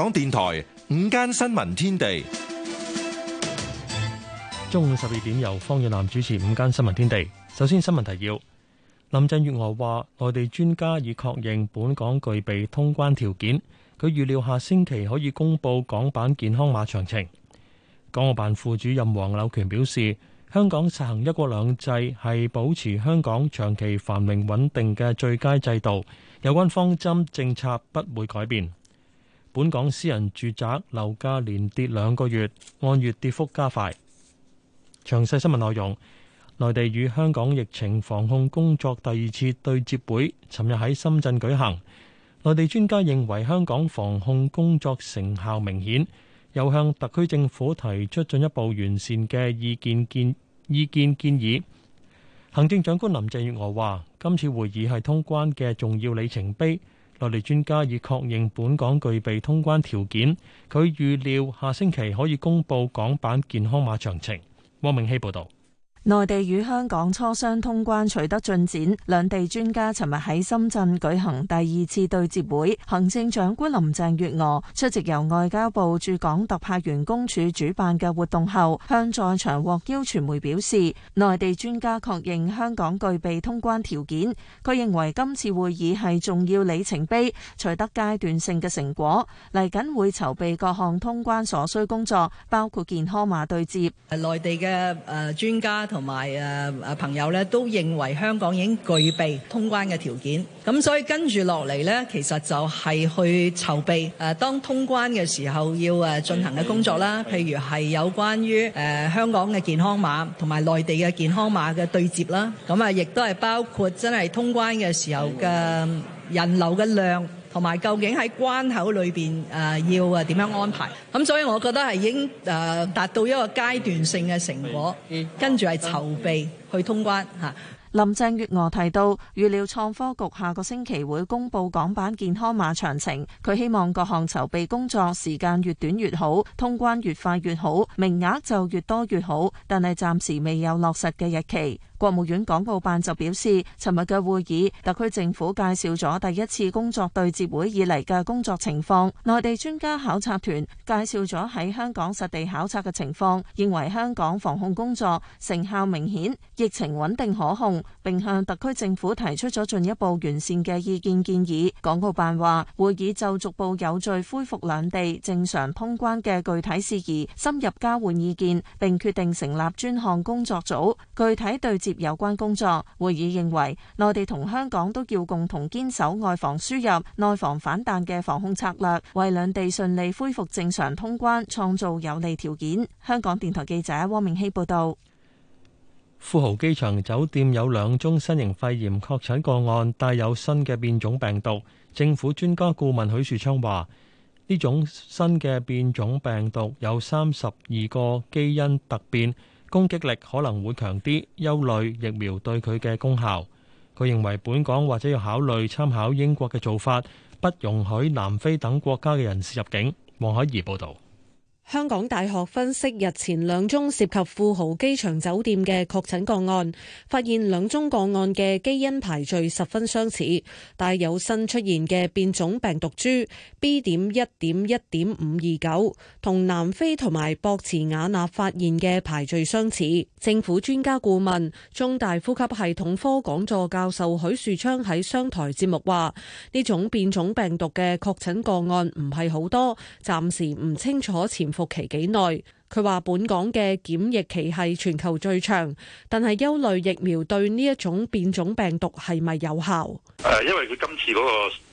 港電台午間新聞天地，中午十二點，由方遠南主持午間新聞天地。首先新聞提要：林鄭月娥話，內地專家已確認本港具備通關條件，佢預料下星期可以公布港版健康碼詳情。港澳辦副主任黃柳權表示，香港實行一國兩制係保持香港長期繁榮穩定嘅最佳制度，有關方針政策不會改變。本港私人住宅樓價連跌兩個月，按月跌幅加快。詳細新聞內容，內地與香港疫情防控工作第二次對接會，尋日喺深圳舉行。內地專家認為香港防控工作成效明顯，又向特區政府提出進一步完善嘅意見建意見建議。行政長官林鄭月娥話：今次會議係通關嘅重要里程碑。內地專家已確認本港具備通關條件，佢預料下星期可以公布港版健康碼詳情。汪明熙報導。內地與香港磋商通關取得進展，兩地專家尋日喺深圳舉行第二次對接會。行政長官林鄭月娥出席由外交部駐港特派員公署主辦嘅活動後，向在場獲邀傳媒表示，內地專家確認香港具備通關條件。佢認為今次會議係重要里程碑，取得階段性嘅成果。嚟緊會籌備各項通關所需工作，包括健康碼對接。內地嘅誒專家。同埋誒誒朋友咧，都認為香港已經具備通關嘅條件，咁所以跟住落嚟咧，其實就係去籌備誒、呃，當通關嘅時候要誒進行嘅工作啦，譬如係有關於誒、呃，香港嘅健康碼同埋內地嘅健康碼嘅對接啦，咁啊亦都係包括真係通關嘅時候嘅人流嘅量。同埋究竟喺關口裏邊誒、呃、要誒點樣安排？咁、嗯、所以我覺得係已經誒、呃、達到一個階段性嘅成果，跟住係籌備去通關吓。林鄭月娥提到預料創科局下個星期會公布港版健康碼詳情，佢希望各項籌備工作時間越短越好，通關越快越好，名額就越多越好，但係暫時未有落實嘅日期。國務院港澳辦就表示，尋日嘅會議，特區政府介紹咗第一次工作對接會以嚟嘅工作情況，內地專家考察團介紹咗喺香港實地考察嘅情況，認為香港防控工作成效明顯，疫情穩定可控，並向特區政府提出咗進一步完善嘅意見建議。港澳辦話，會議就逐步有序恢復兩地正常通關嘅具體事宜，深入交換意見，並決定成立專項工作組，具體對接。有關工作，會議認為內地同香港都要共同堅守外防輸入、內防反彈嘅防控策略，為兩地順利恢復正常通關創造有利條件。香港電台記者汪明熙報道。富豪機場酒店有兩宗新型肺炎確診個案，帶有新嘅變種病毒。政府專家顧問許樹昌話：呢種新嘅變種病毒有三十二個基因突變。攻擊力可能會強啲，憂慮疫苗對佢嘅功效。佢認為本港或者要考慮參考英國嘅做法，不容許南非等國家嘅人士入境。黃海怡報導。香港大學分析日前兩宗涉及富豪機場酒店嘅確診個案，發現兩宗個案嘅基因排序十分相似，帶有新出現嘅變種病毒株 B 點一點一點五二九，同南非同埋博茨瓦納發現嘅排序相似。政府專家顧問、中大呼吸系統科講座教授許樹昌喺商台節目話：呢種變種病毒嘅確診個案唔係好多，暫時唔清楚潛。復期幾耐？佢話本港嘅檢疫期係全球最長，但係憂慮疫苗對呢一種變種病毒係咪有效？誒，因為佢今次嗰個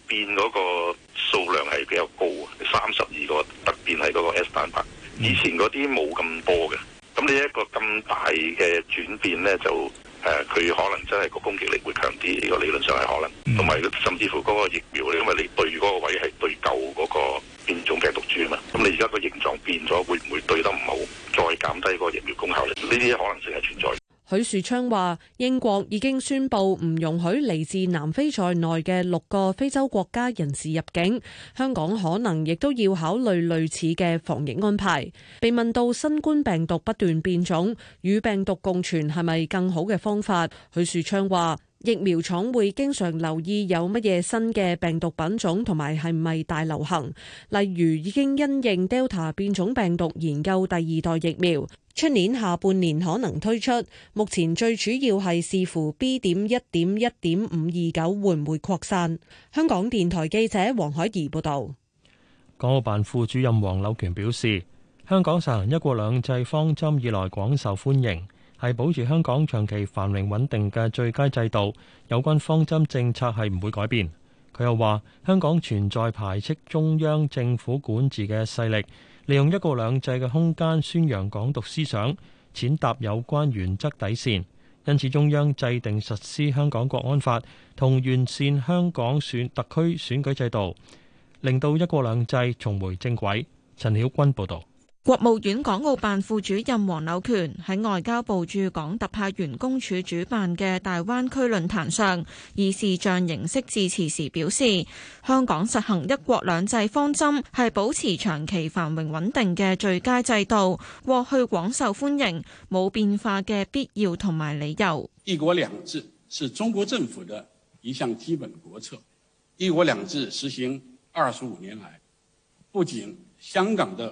變嗰個數量係比較高啊，三十二個特變係嗰個 S 蛋白，以前嗰啲冇咁多嘅，咁呢一個咁大嘅轉變咧就。誒，佢、呃、可能真係個攻擊力會強啲，呢個理論上係可能。同埋、嗯，甚至乎嗰個疫苗咧，因為你對嗰個位係對舊嗰個變種病毒株啊嘛，咁你而家個形狀變咗，會唔會對得唔好，再減低個疫苗功效咧？呢啲可能性係存在。許樹昌話：英國已經宣布唔容許嚟自南非在內嘅六個非洲國家人士入境，香港可能亦都要考慮類似嘅防疫安排。被問到新冠病毒不斷變種，與病毒共存係咪更好嘅方法？許樹昌話：疫苗廠會經常留意有乜嘢新嘅病毒品種，同埋係咪大流行。例如，已經因應 Delta 變種病毒研究第二代疫苗，出年下半年可能推出。目前最主要係視乎 B 點一點一點五二九會唔會擴散。香港電台記者黃海怡報道。港澳辦副主任黃柳權表示，香港實行一國兩制方針以來廣受歡迎。係保持香港長期繁榮穩定嘅最佳制度，有關方針政策係唔會改變。佢又話：香港存在排斥中央政府管治嘅勢力，利用一國兩制嘅空間宣揚港獨思想，踐踏有關原則底線。因此，中央制定實施香港國安法，同完善香港選特區選舉制度，令到一國兩制重回正軌。陳曉君報導。國務院港澳辦副主任黃柳權喺外交部駐港特派員公署主辦嘅大灣區論壇上，以視像形式致辭時表示：香港實行一國兩制方針係保持長期繁榮穩定嘅最佳制度，過去廣受歡迎，冇變化嘅必要同埋理由。一國兩制是中國政府嘅一項基本國策。一國兩制實行二十五年來，不僅香港嘅。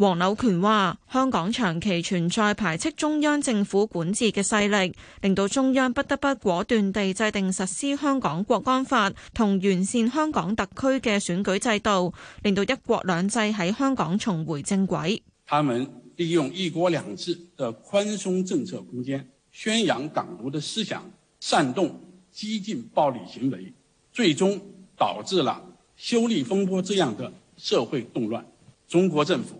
黃柳權話：香港長期存在排斥中央政府管治嘅勢力，令到中央不得不果斷地制定實施《香港國安法》，同完善香港特區嘅選舉制度，令到一國兩制喺香港重回正軌。他們利用一國兩制的寬鬆政策空間，宣揚港獨的思想，煽動激進暴力行為，最終導致了修例風波這樣的社會動亂。中國政府。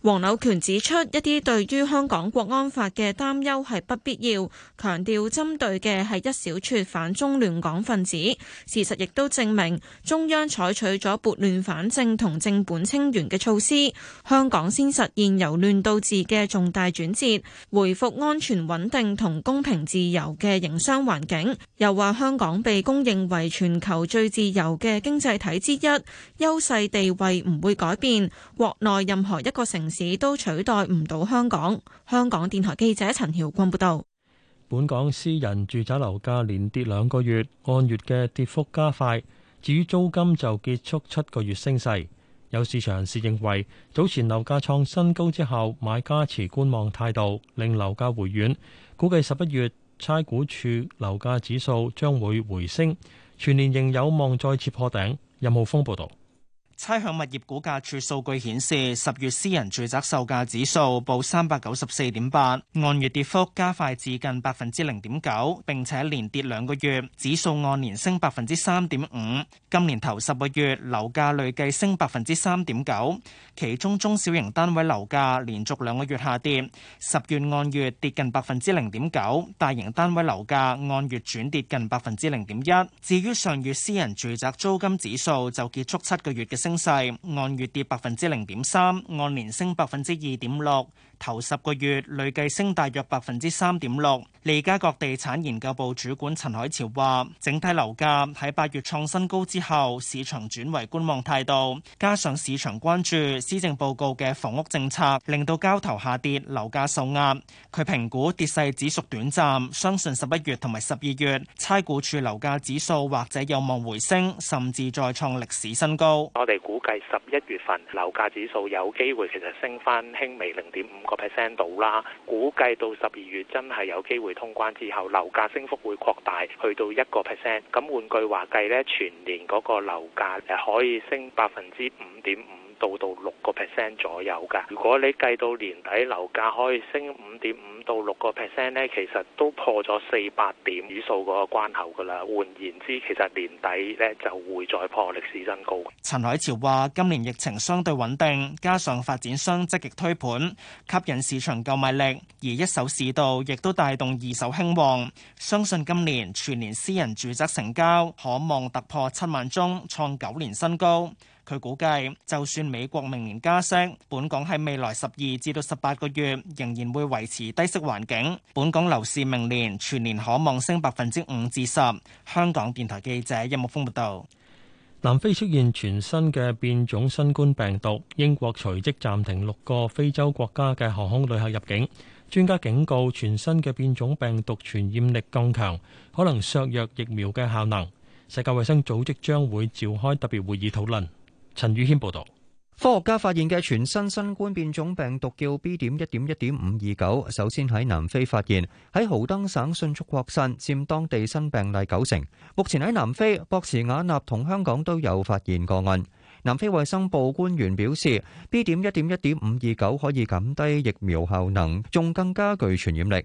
黃柳權指出，一啲對於香港國安法嘅擔憂係不必要，強調針對嘅係一小撮反中亂港分子。事實亦都證明，中央採取咗撥亂反正同正本清源嘅措施，香港先實現由亂到治嘅重大轉折，回復安全穩定同公平自由嘅營商環境。又話香港被公認為全球最自由嘅經濟體之一，優勢地位唔會改變。國內任何一個城市都取代唔到香港。香港電台記者陳曉君報道，本港私人住宅樓價連跌兩個月，按月嘅跌幅加快。至於租金就結束七個月升勢。有市場人士認為，早前樓價創新高之後，買家持觀望態度，令樓價回軟。估計十一月差估署樓價指數將會回升，全年仍有望再次破頂。任浩峰報道。差餉物業估價署數據顯示，十月私人住宅售價指數報三百九十四點八，按月跌幅加快至近百分之零點九，並且連跌兩個月，指數按年升百分之三點五。今年頭十個月樓價累計升百分之三點九，其中中小型單位樓價連續兩個月下跌，十月按月跌近百分之零點九；大型單位樓價按月轉跌近百分之零點一。至於上月私人住宅租金指數就結束七個月嘅升升勢，按月跌百分之零點三，按年升百分之二點六。頭十個月累計升大約百分之三點六。利嘉閣地產研究部主管陳海潮話，整體樓價喺八月創新高之後，市場轉為觀望態度，加上市場關注施政報告嘅房屋政策，令到交投下跌，樓價受壓。佢評估跌勢只屬短暫，相信十一月同埋十二月差估署樓價指數或者有望回升，甚至再創歷史新高。我哋估計十一月份樓價指數有機會其實升返輕微零點五。個 percent 到啦，估計到十二月真係有機會通關之後，樓價升幅會擴大，去到一個 percent。咁換句話計咧，全年嗰個樓價係可以升百分之五點五。到到六個 percent 左右㗎。如果你計到年底樓價可以升五點五到六個 percent 咧，其實都破咗四百點指數個關口㗎啦。換言之，其實年底咧就會再破歷史新高。陳海潮話：今年疫情相對穩定，加上發展商積極推盤，吸引市場購買力，而一手市道亦都帶動二手興旺。相信今年全年私人住宅成交可望突破七萬宗，創九年新高。佢估計，就算美國明年加息，本港喺未來十二至到十八個月仍然會維持低息環境。本港樓市明年全年可望升百分之五至十。香港電台記者任木峰報道。南非出現全新嘅變種新冠病毒，英國隨即暫停六個非洲國家嘅航空旅客入境。專家警告，全新嘅變種病毒傳染力更強，可能削弱疫苗嘅效能。世界衛生組織將會召開特別會議討論。陳宇謙報道：科學家發現嘅全新新冠變種病毒叫 B 點一點一點五二九，首先喺南非發現，喺豪登省迅速擴散，佔當地新病例九成。目前喺南非、博茨瓦納同香港都有發現個案。南非衛生部官員表示，B 點一點一點五二九可以減低疫苗效能，仲更加具傳染力。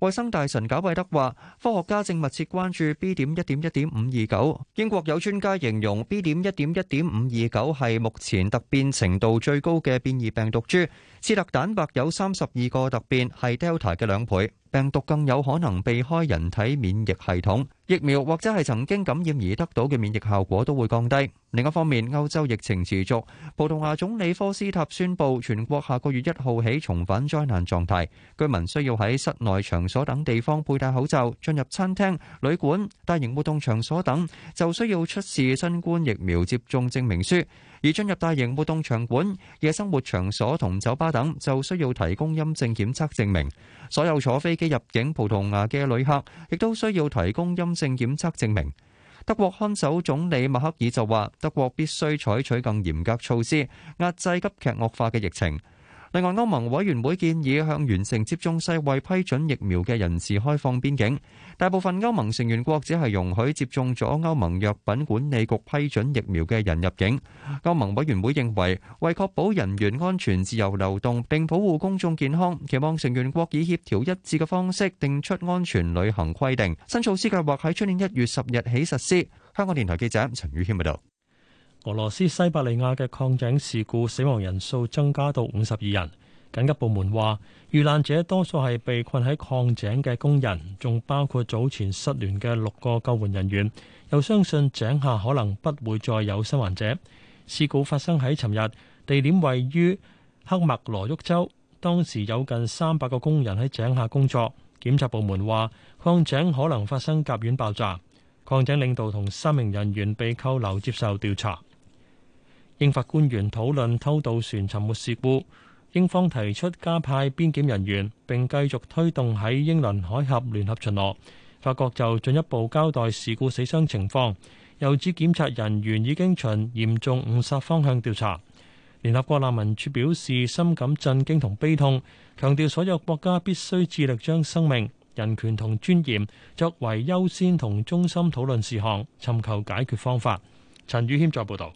衛生大臣賈偉德話：科學家正密切關注 B 點一點一點五二九。英國有專家形容 B 點一點一點五二九係目前突變程度最高嘅變異病毒株，刺突蛋白有三十二個突變，係 Delta 嘅兩倍，病毒更有可能避開人體免疫系統。疫苗或者係曾經感染而得到嘅免疫效果都會降低。另一方面，歐洲疫情持續，葡萄牙總理科斯塔宣布全國下個月一號起重返災難狀態，居民需要喺室內場所等地方佩戴口罩，進入餐廳、旅館、大型活動場所等就需要出示新冠疫苗接種證明書；而進入大型活動場館、夜生活場所同酒吧等就需要提供陰性檢測證明。所有坐飛機入境葡萄牙嘅旅客亦都需要提供陰性檢測證明，德國看守總理默克爾就話：德國必須採取更嚴格措施，壓制急劇惡化嘅疫情。另外，歐盟委員會建議向完成接種世衛批准疫苗嘅人士開放邊境。大部分歐盟成員國只係容許接種咗歐盟藥品管理局批准疫苗嘅人入境。歐盟委員會認為，為確保人員安全、自由流動並保護公眾健康，期望成員國以協調一致嘅方式定出安全旅行規定。新措施計劃喺出年一月十日起實施。香港電台記者陳宇軒報道。俄羅斯西伯利亞嘅礦井事故死亡人數增加到五十二人。緊急部門話，遇難者多數係被困喺礦井嘅工人，仲包括早前失聯嘅六個救援人員。又相信井下可能不會再有生還者。事故發生喺尋日，地點位於克麥羅沃州。當時有近三百個工人喺井下工作。檢察部門話，礦井可能發生甲烷爆炸。礦井領導同三名人員被扣留接受調查。英法官員討論偷渡船沉沒事故，英方提出加派邊檢人員，並繼續推動喺英倫海峽聯合巡邏。法國就進一步交代事故死傷情況，又指檢察人員已經循嚴重誤殺方向調查。聯合國難民署表示深感震驚同悲痛，強調所有國家必須致力將生命、人權同尊嚴作為優先同中心討論事項，尋求解決方法。陳宇謙再報道。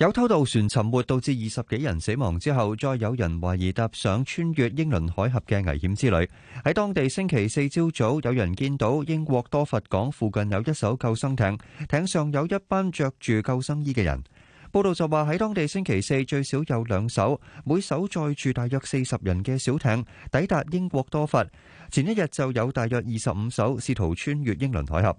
有偷渡船沉沒導致二十幾人死亡之後，再有人懷疑踏上穿越英倫海峽嘅危險之旅。喺當地星期四朝早，有人見到英國多佛港附近有一艘救生艇，艇上有一班着住救生衣嘅人。報道就話喺當地星期四最少有兩艘，每艘載住大約四十人嘅小艇抵達英國多佛。前一日就有大約二十五艘試圖穿越英倫海峽。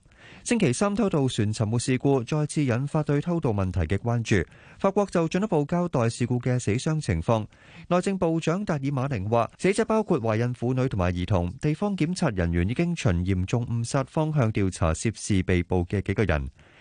星期三偷渡船沉沒事故再次引發對偷渡問題嘅關注。法國就進一步交代事故嘅死傷情況。內政部長達爾馬寧話，死者包括懷孕婦女同埋兒童。地方檢察人員已經循嚴重誤殺方向調查涉事被捕嘅幾個人。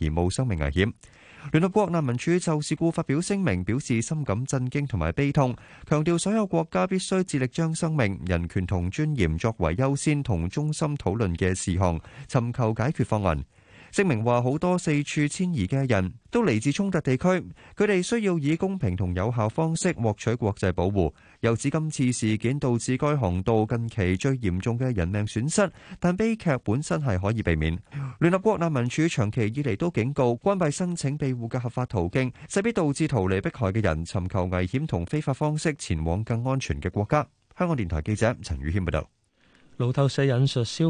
而冇生命危險。聯合國難民署就事故發表聲明，表示深感震驚同埋悲痛，強調所有國家必須致力將生命、人權同尊嚴作為優先同中心討論嘅事項，尋求解決方案。聲明話好多四處遷移嘅人都嚟自衝突地區，佢哋需要以公平同有效方式獲取國際保護。又指今次事件導致該航道近期最嚴重嘅人命損失，但悲劇本身係可以避免。聯合國難民署長期以嚟都警告，關閉申請庇護嘅合法途徑，勢必導致逃離迫害嘅人尋求危險同非法方式前往更安全嘅國家。香港電台記者陳宇軒報道。路透社引述石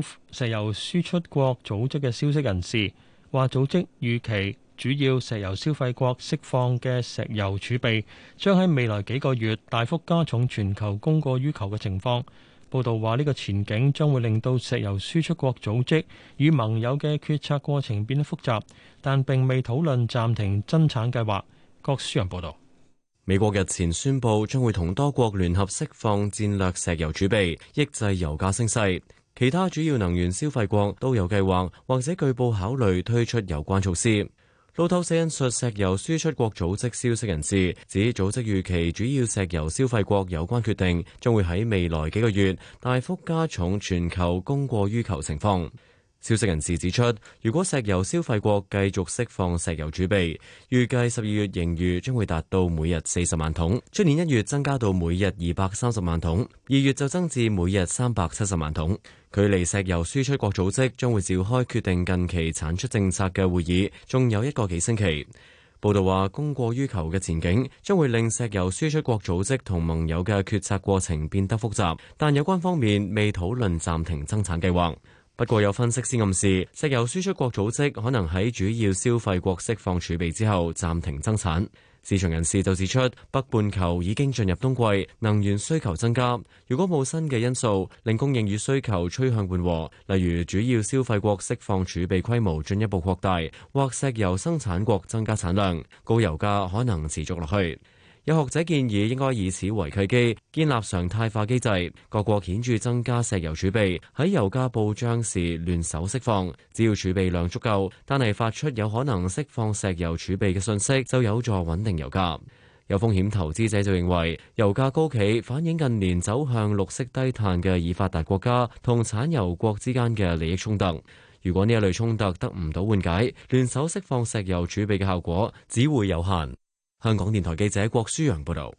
油輸出國組織嘅消息人士話：組織預期主要石油消費國釋放嘅石油儲備將喺未來幾個月大幅加重全球供過於求嘅情況。報道話，呢個前景將會令到石油輸出國組織與盟友嘅決策過程變得複雜，但並未討論暫停增產計劃。郭書洋報道。美國日前宣布將會同多國聯合釋放戰略石油儲備，抑制油價升勢。其他主要能源消費國都有計劃或者據報考慮推出有關措施。路透社引述石油輸出國組織消息人士指，組織預期主要石油消費國有關決定將會喺未來幾個月大幅加重全球供過於求情況。消息人士指出，如果石油消費國繼續釋放石油儲備，預計十二月盈餘將會達到每日四十萬桶，出年一月增加到每日二百三十萬桶，二月就增至每日三百七十萬桶。距離石油輸出國組織將會召開決定近期產出政策嘅會議，仲有一個幾星期。報道話，供過於求嘅前景將會令石油輸出國組織同盟友嘅決策過程變得複雜，但有關方面未討論暫停增產計劃。不過有分析師暗示，石油輸出國組織可能喺主要消費國釋放儲備之後暫停增產。市場人士就指出，北半球已經進入冬季，能源需求增加。如果冇新嘅因素令供應與需求趨向緩和，例如主要消費國釋放儲備規模進一步擴大，或石油生產國增加產量，高油價可能持續落去。有學者建議，應該以此為契機，建立常態化機制，各國顯著增加石油儲備，喺油價暴漲時聯手釋放。只要儲備量足夠，但係發出有可能釋放石油儲備嘅信息，就有助穩定油價。有風險投資者就認為，油價高企反映近年走向綠色低碳嘅已發達國家同產油國之間嘅利益衝突。如果呢一類衝突得唔到緩解，聯手釋放石油儲備嘅效果只會有限。香港電台記者郭舒揚報道：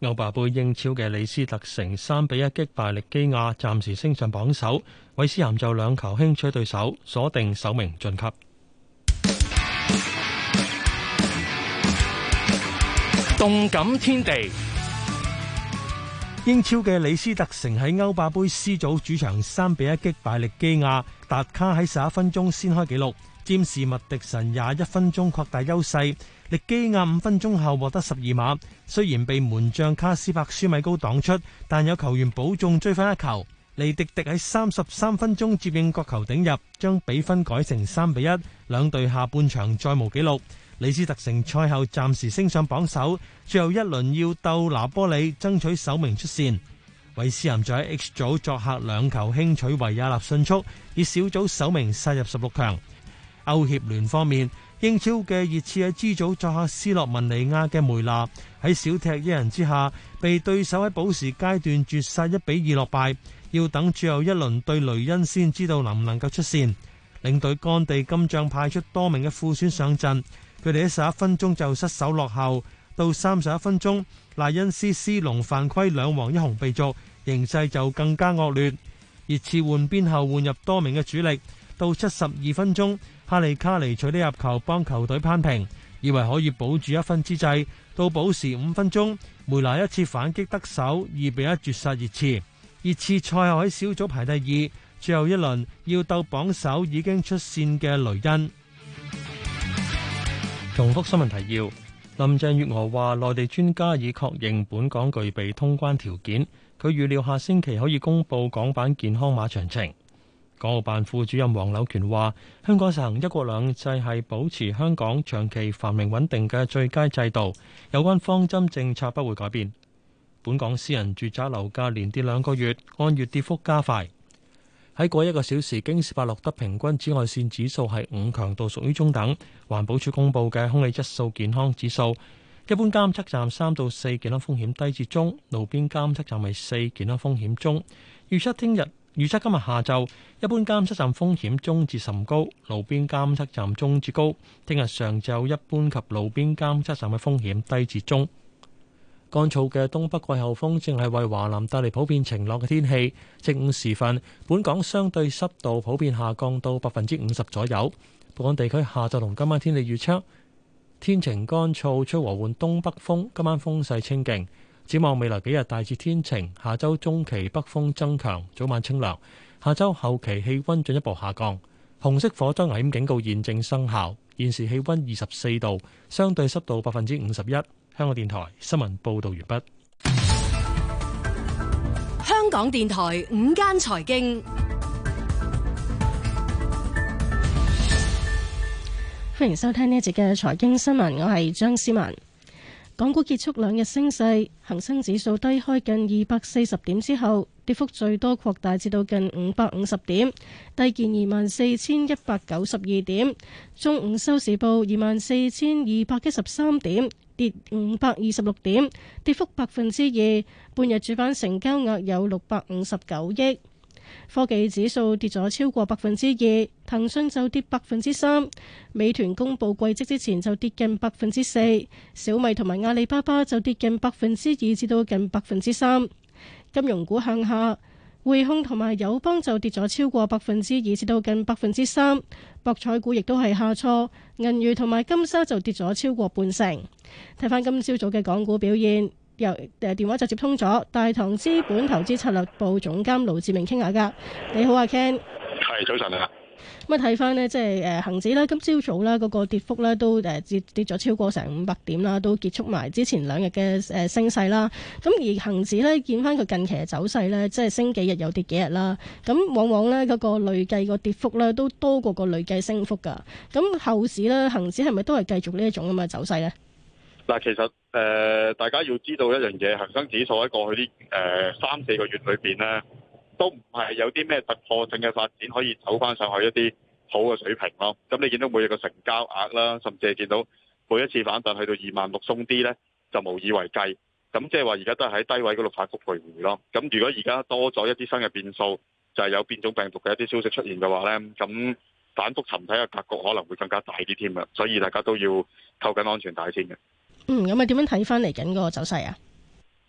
歐霸杯英超嘅李斯特城三比一擊敗力基亞，暫時升上榜首。韋斯咸就兩球輕取對手，鎖定首名晉級。動感天地，英超嘅李斯特城喺歐霸杯 C 組主場三比一擊敗力基亞，達卡喺十一分鐘先開紀錄，佔士麥迪臣廿一分鐘擴大優勢。力基亞五分鐘後獲得十二碼，雖然被門將卡斯柏舒米高擋出，但有球員補中追翻一球。尼迪迪喺三十三分鐘接應角球頂入，將比分改成三比一。兩隊下半場再無紀錄。李斯特城賽後暫時升上榜首，最後一輪要鬥拿波里爭取首名出線。韋斯咸在 H 組作客兩球輕取維也納迅速，以小組首名殺入十六強。歐協聯方面。英超嘅熱刺喺 G 組作客斯洛文尼亞嘅梅拿，喺小踢一人之下，被對手喺補時階段絕殺一比二落敗。要等最後一輪對雷恩先知道能唔能夠出線。領隊干地金將派出多名嘅副選上陣，佢哋喺十一分鐘就失守落後，到三十一分鐘，賴恩斯斯隆犯規兩黃一紅被逐，形勢就更加惡劣。熱刺換邊後換入多名嘅主力，到七十二分鐘。帕利卡尼取呢入球，幫球隊攀平，以為可以保住一分之際，到補時五分鐘，梅拿一次反擊得手，二比一絕殺熱刺。熱刺賽後喺小組排第二，最後一輪要鬥榜首已經出線嘅雷恩。重複新聞提要：林鄭月娥話，內地專家已確認本港具，具備通關條件，佢預料下星期可以公布港版健康碼詳情。港澳辦副主任黃柳權話，香港實行一國兩制係保持香港長期繁榮穩定嘅最佳制度，有關方針政策不會改變。本港私人住宅樓價連跌兩個月，按月跌幅加快。喺過一個小時，京士柏錄得平均紫外線指數係五，強度，屬於中等。環保署公布嘅空氣質素健康指數，一般監測站三到四，健康風險低至中，路邊監測站係四，健康風險中。預測聽日。預測今日下晝一般監測站風險中至甚高，路邊監測站中至高。聽日上晝一般及路邊監測站嘅風險低至中。乾燥嘅東北季候風正係為華南帶嚟普遍晴朗嘅天氣。正午時分，本港相對濕度普遍下降到百分之五十左右。本港地區下晝同今晚天氣預測：天晴乾燥，吹和緩東北風，今晚風勢清勁。展望未來幾日大致天晴，下周中期北風增強，早晚清涼。下周後期氣温進一步下降。紅色火災危險警告現正生效。現時氣温二十四度，相對濕度百分之五十一。香港電台新聞報道完畢。香港電台午間財經，歡迎收聽呢一節嘅財經新聞，我係張思文。港股結束兩日升勢，恒生指數低開近二百四十點之後，跌幅最多擴大至到近五百五十點，低見二萬四千一百九十二點。中午收市報二萬四千二百一十三點，跌五百二十六點，跌幅百分之二。半日主板成交額有六百五十九億。科技指數跌咗超過百分之二，騰訊就跌百分之三，美團公布季績之前就跌近百分之四，小米同埋阿里巴巴就跌近百分之二至到近百分之三。金融股向下，匯控同埋友邦就跌咗超過百分之二至到近百分之三，博彩股亦都係下挫，銀娛同埋金沙就跌咗超過半成。睇翻今朝早嘅港股表現。由誒、呃、電話就接通咗，大唐資本投資策略部總監盧志明傾下㗎。你好啊，Ken。係，早晨嚟啦。咁啊，睇翻呢，即係誒恆指呢，今朝早呢嗰、這個跌幅呢都誒、呃、跌跌咗超過成五百點啦，都結束埋之前兩日嘅誒升勢啦。咁、呃、而恒指呢，見翻佢近期嘅走勢呢，即係升幾日又跌幾日啦。咁往往呢，嗰、這個累計個跌幅呢都多過個累計升幅㗎。咁後市呢，恒指係咪都係繼續呢一種咁嘅走勢呢？嗱，其實誒，大家要知道一樣嘢，恒生指數喺過去啲誒三四個月裏邊呢，都唔係有啲咩突破性嘅發展可以走翻上去一啲好嘅水平咯。咁你見到每日嘅成交額啦，甚至係見到每一次反彈去到二萬六鬆啲呢，就無以為繼。咁即係話而家都係喺低位嗰度反覆徘徊咯。咁如果而家多咗一啲新嘅變數，就係有變種病毒嘅一啲消息出現嘅話呢，咁反覆尋底嘅格局可能會更加大啲添啊。所以大家都要扣緊安全帶先嘅。嗯，咁啊，點樣睇翻嚟緊個走勢啊？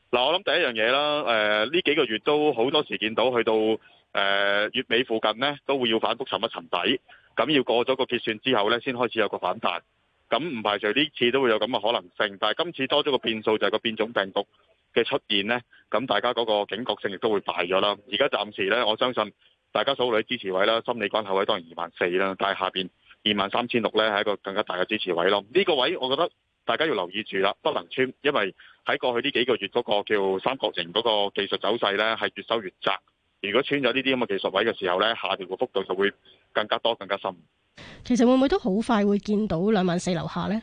嗱，我諗第一樣嘢啦，誒、呃，呢幾個月都好多時見到，去到誒、呃、月尾附近呢，都會要反覆尋一尋底，咁、嗯、要過咗個結算之後呢，先開始有個反彈。咁、嗯、唔排除呢次都會有咁嘅可能性，但係今次多咗個變數就係個變種病毒嘅出現呢。咁、嗯、大家嗰個警覺性亦都會大咗啦。而家暫時呢，我相信大家所有都支持位啦，心理關口位當然二萬四啦，但係下邊二萬三千六呢，係一個更加大嘅支持位咯。呢、這個位我覺得。大家要留意住啦，不能穿，因為喺過去呢幾個月嗰個叫三角形嗰個技術走勢呢，係越收越窄。如果穿咗呢啲咁嘅技術位嘅時候呢，下跌嘅幅度就會更加多、更加深。其實會唔會都好快會見到兩萬四樓下呢？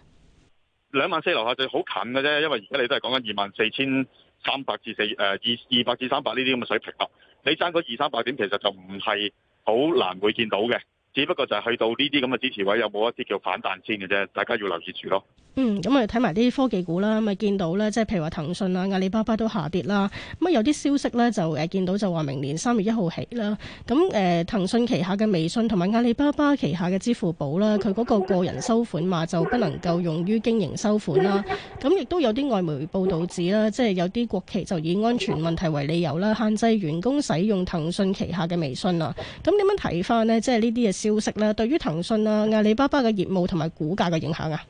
兩萬四樓下就好近嘅啫，因為而家你都係講緊二萬四千三百至四誒二二百至三百呢啲咁嘅水平啦。你爭嗰二三百點，其實就唔係好難會見到嘅。只不過就係去到呢啲咁嘅支持位，有冇一啲叫反彈先嘅啫？大家要留意住咯。嗯，咁啊睇埋啲科技股啦，咪見到咧，即係譬如話騰訊啊、阿里巴巴都下跌啦。咁啊有啲消息咧就誒見到就話明年三月一號起啦。咁誒、呃、騰訊旗下嘅微信同埋阿里巴巴旗下嘅支付寶啦，佢嗰個個人收款碼就不能夠用於經營收款啦。咁亦都有啲外媒報導指啦，即係有啲國企就以安全問題為理由啦，限制員工使用騰訊旗下嘅微信啦。咁點樣睇翻呢？即係呢啲嘅消息咧，對於騰訊啊、阿里巴巴嘅業務同埋股價嘅影響啊？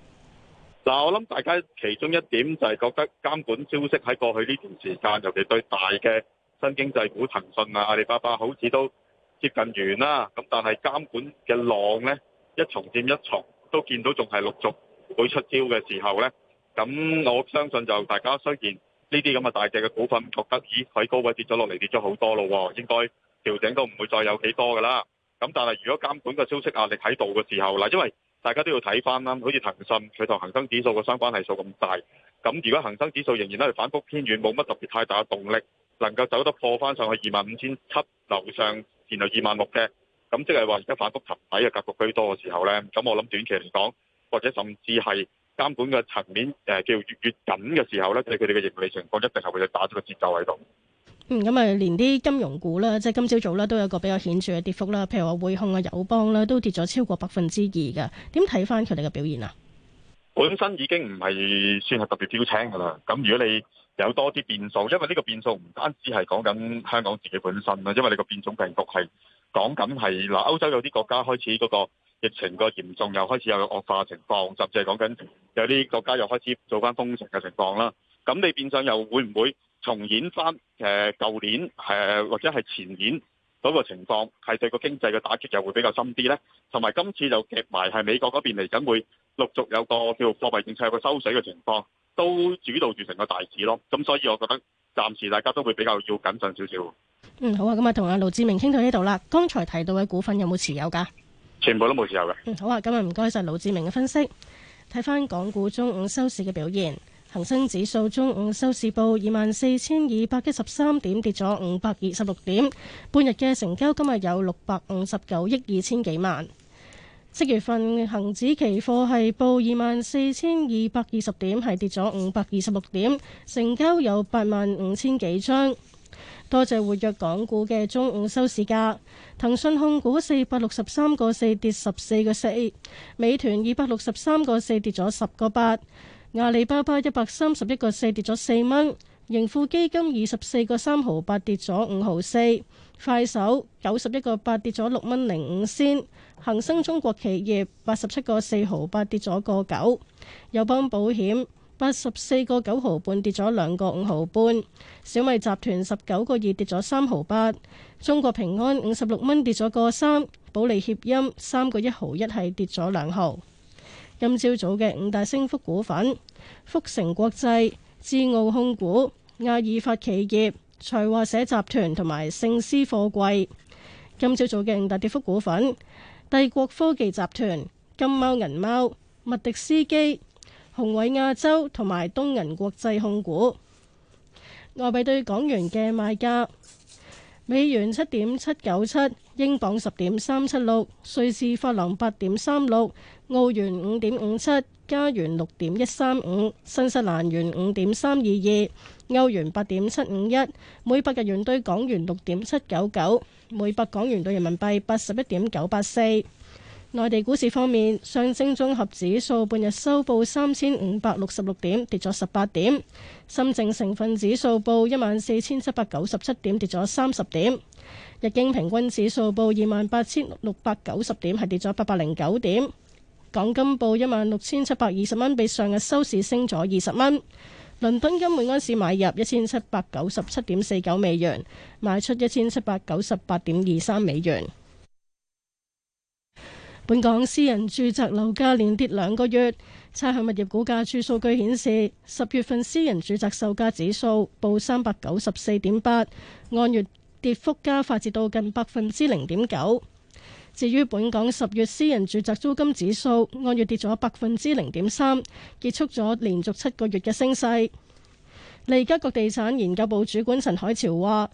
嗱，我諗大家其中一點就係覺得監管消息喺過去呢段時間，尤其對大嘅新經濟股騰訊啊、阿里巴巴，好似都接近完啦。咁但係監管嘅浪呢，一重佔一重，都見到仲係陸續會出招嘅時候呢。咁我相信就大家雖然呢啲咁嘅大隻嘅股份覺得，咦，喺高位跌咗落嚟，跌咗好多咯喎，應該調整都唔會再有幾多㗎喇。咁但係如果監管嘅消息壓力喺度嘅時候嗱，因為大家都要睇翻啦，好似騰訊佢同恒生指數嘅相關係數咁大，咁如果恒生指數仍然喺度反覆偏軟，冇乜特別太大嘅動力，能夠走得破翻上去二萬五千七樓上，然後二萬六嘅，咁即係話而家反覆沉底嘅格局居多嘅時候呢。咁我諗短期嚟講，或者甚至係監管嘅層面誒、呃、叫越越緊嘅時候咧，對佢哋嘅盈利情況一定係會打咗個折扣喺度。咁啊、嗯，連啲金融股啦，即係今朝早啦，都有個比較顯著嘅跌幅啦。譬如話匯控啊、友邦啦，都跌咗超過百分之二噶。點睇翻佢哋嘅表現啊？本身已經唔係算係特別標青噶啦。咁如果你有多啲變數，因為呢個變數唔單止係講緊香港自己本身啦，因為你個變種病毒係講緊係嗱，歐洲有啲國家開始嗰個疫情個嚴重又開始有惡化情況，甚至係講緊有啲國家又開始做翻封城嘅情況啦。咁你變相又會唔會？重演翻誒舊年誒或者係前年嗰，那個情況，係對個經濟嘅打擊又會比較深啲咧。同埋今次就夾埋係美國嗰邊嚟緊會陸續有個叫貨幣政策有個收水嘅情況，都主導住成個大市咯。咁所以我覺得暫時大家都會比較要謹慎少少。嗯，好啊，咁啊同阿盧志明傾到呢度啦。剛才提到嘅股份有冇持有㗎？全部都冇持有嘅。嗯，好啊，今日唔該晒盧志明嘅分析。睇翻港股中午收市嘅表現。恒生指數中午收市報二萬四千二百一十三點，跌咗五百二十六點。半日嘅成交今日有六百五十九億二千幾萬。七月份恒指期貨係報二萬四千二百二十點，係跌咗五百二十六點，成交有八萬五千幾張。多謝活躍港股嘅中午收市價，騰訊控股四百六十三個四跌十四個四，美團二百六十三個四跌咗十個八。阿里巴巴一百三十一個四跌咗四蚊，盈富基金二十四個三毫八跌咗五毫四，快手九十一個八跌咗六蚊零五仙，恒生中國企業八十七個四毫八跌咗個九，友邦保險八十四個九毫半跌咗兩個五毫半，小米集團十九個二跌咗三毫八，中國平安五十六蚊跌咗個三，保利協鑫三個一毫一係跌咗兩毫。今朝早嘅五大升幅股份：福成國際、智奧控股、阿爾法企業、財華社集團同埋聖思貨櫃。今朝早嘅五大跌幅股份：帝國科技集團、金貓銀貓、麥迪斯基、宏偉亞洲同埋東銀國際控股。外幣兌港元嘅賣價。美元七點七九七，英鎊十點三七六，瑞士法郎八點三六，澳元五點五七，加元六點一三五，新西蘭元五點三二二，歐元八點七五一，每百日元兌港元六點七九九，每百港元兌人民幣八十一點九八四。內地股市方面，上證綜合指數半日收報三千五百六十六點，跌咗十八點；深證成分指數報一萬四千七百九十七點，跌咗三十點；日經平均指數報二萬八千六百九十點，係跌咗八百零九點。港金報一萬六千七百二十蚊，比上日收市升咗二十蚊。倫敦金每安士買入一千七百九十七點四九美元，賣出一千七百九十八點二三美元。本港私人住宅樓價連跌兩個月，差餉物業估價署數據顯示，十月份私人住宅售價指數報三百九十四點八，按月跌幅加快至到近百分之零點九。至於本港十月私人住宅租金指數按月跌咗百分之零點三，結束咗連續七個月嘅升勢。利嘉閣地產研究部主管陳海潮話。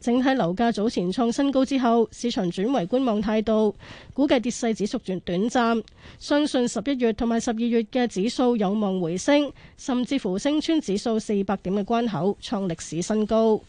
整體樓價早前創新高之後，市場轉為觀望態度，估計跌勢只屬短短暫。相信十一月同埋十二月嘅指數有望回升，甚至乎升穿指數四百點嘅關口，創歷史新高。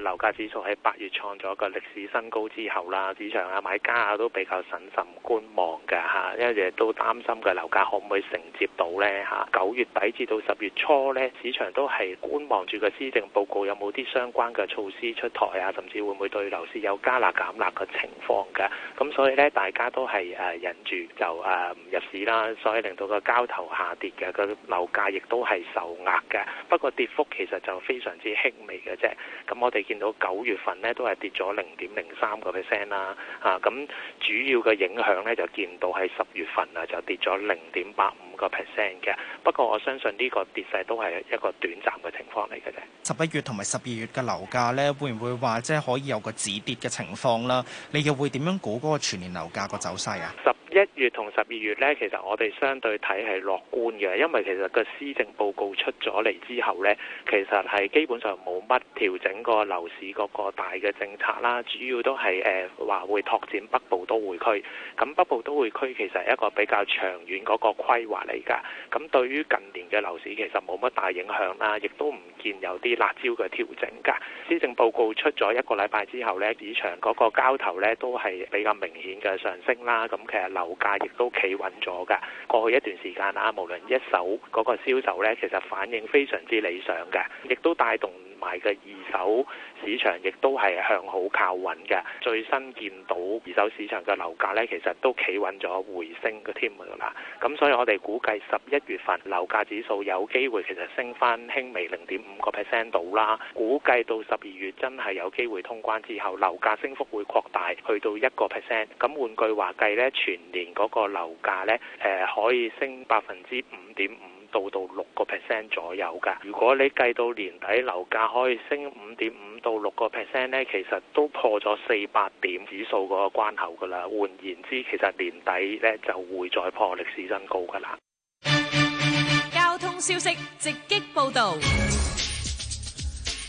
樓價指數喺八月創咗個歷史新高之後啦，市場啊買家啊都比較審慎觀望嘅吓，因為都擔心個樓價可唔可以承接到呢？吓。九月底至到十月初呢，市場都係觀望住個施政報告有冇啲相關嘅措施出台啊，甚至會唔會對樓市有加納減納嘅情況嘅。咁所以呢，大家都係誒忍住就誒唔入市啦，所以令到個交投下跌嘅個樓價亦都係受壓嘅。不過跌幅其實就非常之輕微嘅啫。咁我哋。見到九月份呢都係跌咗零點零三個 percent 啦，嚇、啊、咁、啊嗯、主要嘅影響呢，就見到係十月份啊就跌咗零點八五個 percent 嘅。不過我相信呢個跌勢都係一個短暫嘅情況嚟嘅啫。十一月同埋十二月嘅樓價呢，會唔會話即係可以有個止跌嘅情況啦？你又會點樣估嗰個全年樓價個走勢啊？一月同十二月呢，其實我哋相對睇係樂觀嘅，因為其實個施政報告出咗嚟之後呢，其實係基本上冇乜調整個樓市嗰個大嘅政策啦，主要都係誒話會拓展北部都會區。咁北部都會區其實係一個比較長遠嗰個規劃嚟㗎，咁對於近年嘅樓市其實冇乜大影響啦，亦都唔見有啲辣招嘅調整㗎，施政報告出咗一個禮拜之後，呢市場嗰個交投呢都係比較明顯嘅上升啦。咁其實樓價亦都企穩咗㗎。過去一段時間啊，無論一手嗰個銷售呢，其實反應非常之理想嘅，亦都帶動埋嘅二手，市場亦都係向好靠穩嘅，最新見到二手市場嘅樓價呢，其實都企穩咗回升嘅添啦。咁所以我哋估計十一月份樓價指數有機會其實升翻輕微零點五個 percent 度啦。估計到十二月真係有機會通關之後，樓價升幅會擴大去到一個 percent。咁換句話計呢，全年嗰個樓價咧，誒可以升百分之五點五。到到六個 percent 左右噶，如果你計到年底樓價可以升五點五到六個 percent 咧，其實都破咗四百點指數嗰個關口噶啦。換言之，其實年底咧，就會再破歷史新高噶啦。交通消息直擊報導。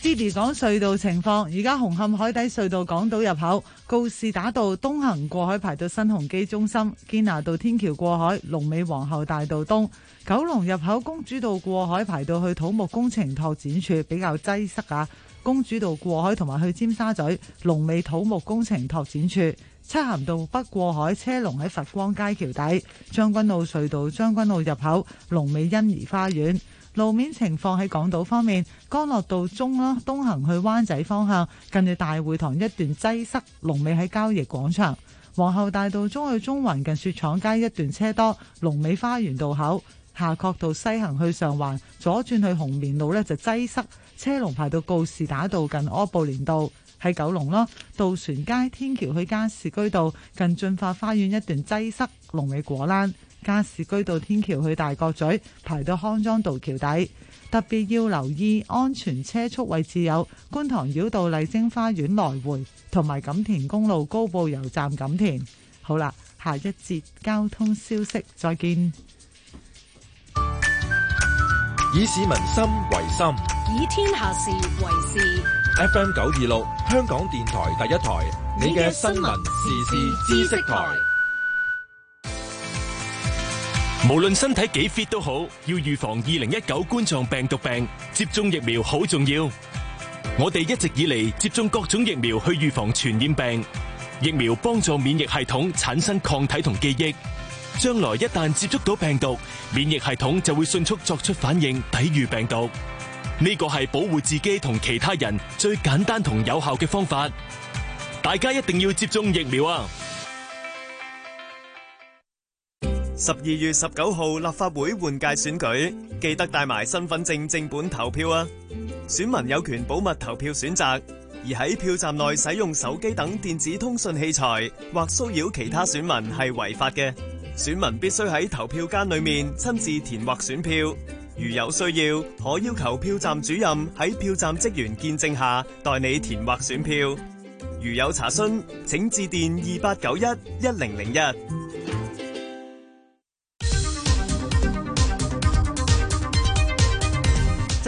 d i d 講隧道情況，而家紅磡海底隧道港島入口告士打道東行過海排到新鴻基中心，堅拿道天橋過海龍尾皇后大道東，九龍入口公主道過海排到去土木工程拓展處比較擠塞啊！公主道過海同埋去尖沙咀龍尾土木工程拓展處，漆咸道北過海車龍喺佛光街橋底，將軍澳隧道將軍澳入口龍尾欣怡花園。路面情況喺港島方面，干諾道中啦，東行去灣仔方向，近住大會堂一段擠塞，龍尾喺交易廣場；皇后大道中去中環近雪廠街一段車多，龍尾花園道口；夏慤道西行去上環，左轉去紅棉路呢就擠塞，車龍排到告士打道近柯布連道喺九龍咯；渡船街天橋去加士居道近駿發花園一段擠塞，龍尾果欄。加士居道天橋去大角咀，排到康莊道橋底。特別要留意安全車速位置，有觀塘繞道麗晶花園來回，同埋錦田公路高步油站錦田。好啦，下一節交通消息，再見。以市民心為心，以天下事為事。F.M. 九二六，香港電台第一台，你嘅新聞時事知識台。無論身體幾 fit 都好，要預防二零一九冠狀病毒病，接種疫苗好重要。我哋一直以嚟接種各種疫苗去預防傳染病，疫苗幫助免疫系統產生抗體同記憶，將來一旦接觸到病毒，免疫系統就會迅速作出反應抵禦病毒。呢個係保護自己同其他人最簡單同有效嘅方法，大家一定要接種疫苗啊！十二月十九號立法會換屆選舉，記得帶埋身份證正本投票啊！選民有權保密投票選擇，而喺票站內使用手機等電子通訊器材或騷擾其他選民係違法嘅。選民必須喺投票間裏面親自填劃選票，如有需要可要求票站主任喺票站職員見證下代你填劃選票。如有查詢，請致電二八九一一零零一。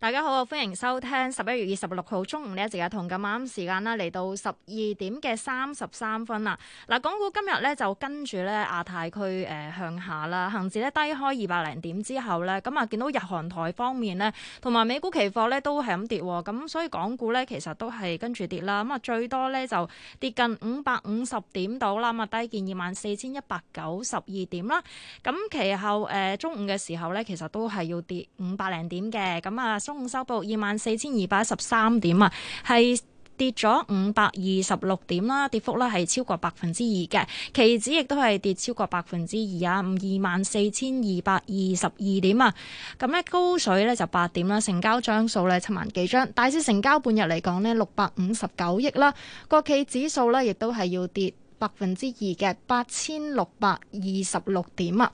大家好，歡迎收聽十一月二十六號中午呢一直嘅同今啱時間啦，嚟到十二點嘅三十三分啦。嗱，港股今日咧就跟住咧亞太區誒、呃、向下啦，恒指咧低開二百零點之後咧，咁、嗯、啊見到日韓台方面咧，同埋美股期貨咧都係咁跌、哦，咁、嗯、所以港股咧其實都係跟住跌啦。咁啊最多咧就跌近五百五十點度啦，咁啊低見二萬四千一百九十二點啦。咁其後誒中午嘅時候咧，其實都係、嗯嗯嗯呃、要跌五百零點嘅，咁、嗯、啊。嗯中午收報二萬四千二百一十三點啊，係跌咗五百二十六點啦，跌幅呢係超過百分之二嘅。期指亦都係跌超過百分之二啊，五二萬四千二百二十二點啊。咁呢高水呢就八點啦，成交張數呢七萬幾張。大市成交半日嚟講呢，六百五十九億啦。國企指數呢亦都係要跌百分之二嘅，八千六百二十六點啊。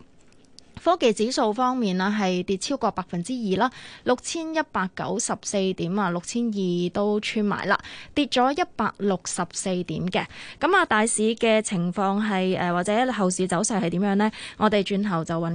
科技指數方面呢係跌超過百分之二啦，六千一百九十四點啊，六千二都穿埋啦，跌咗一百六十四點嘅。咁啊，大市嘅情況係誒，或者後市走勢係點樣呢？我哋轉頭就問。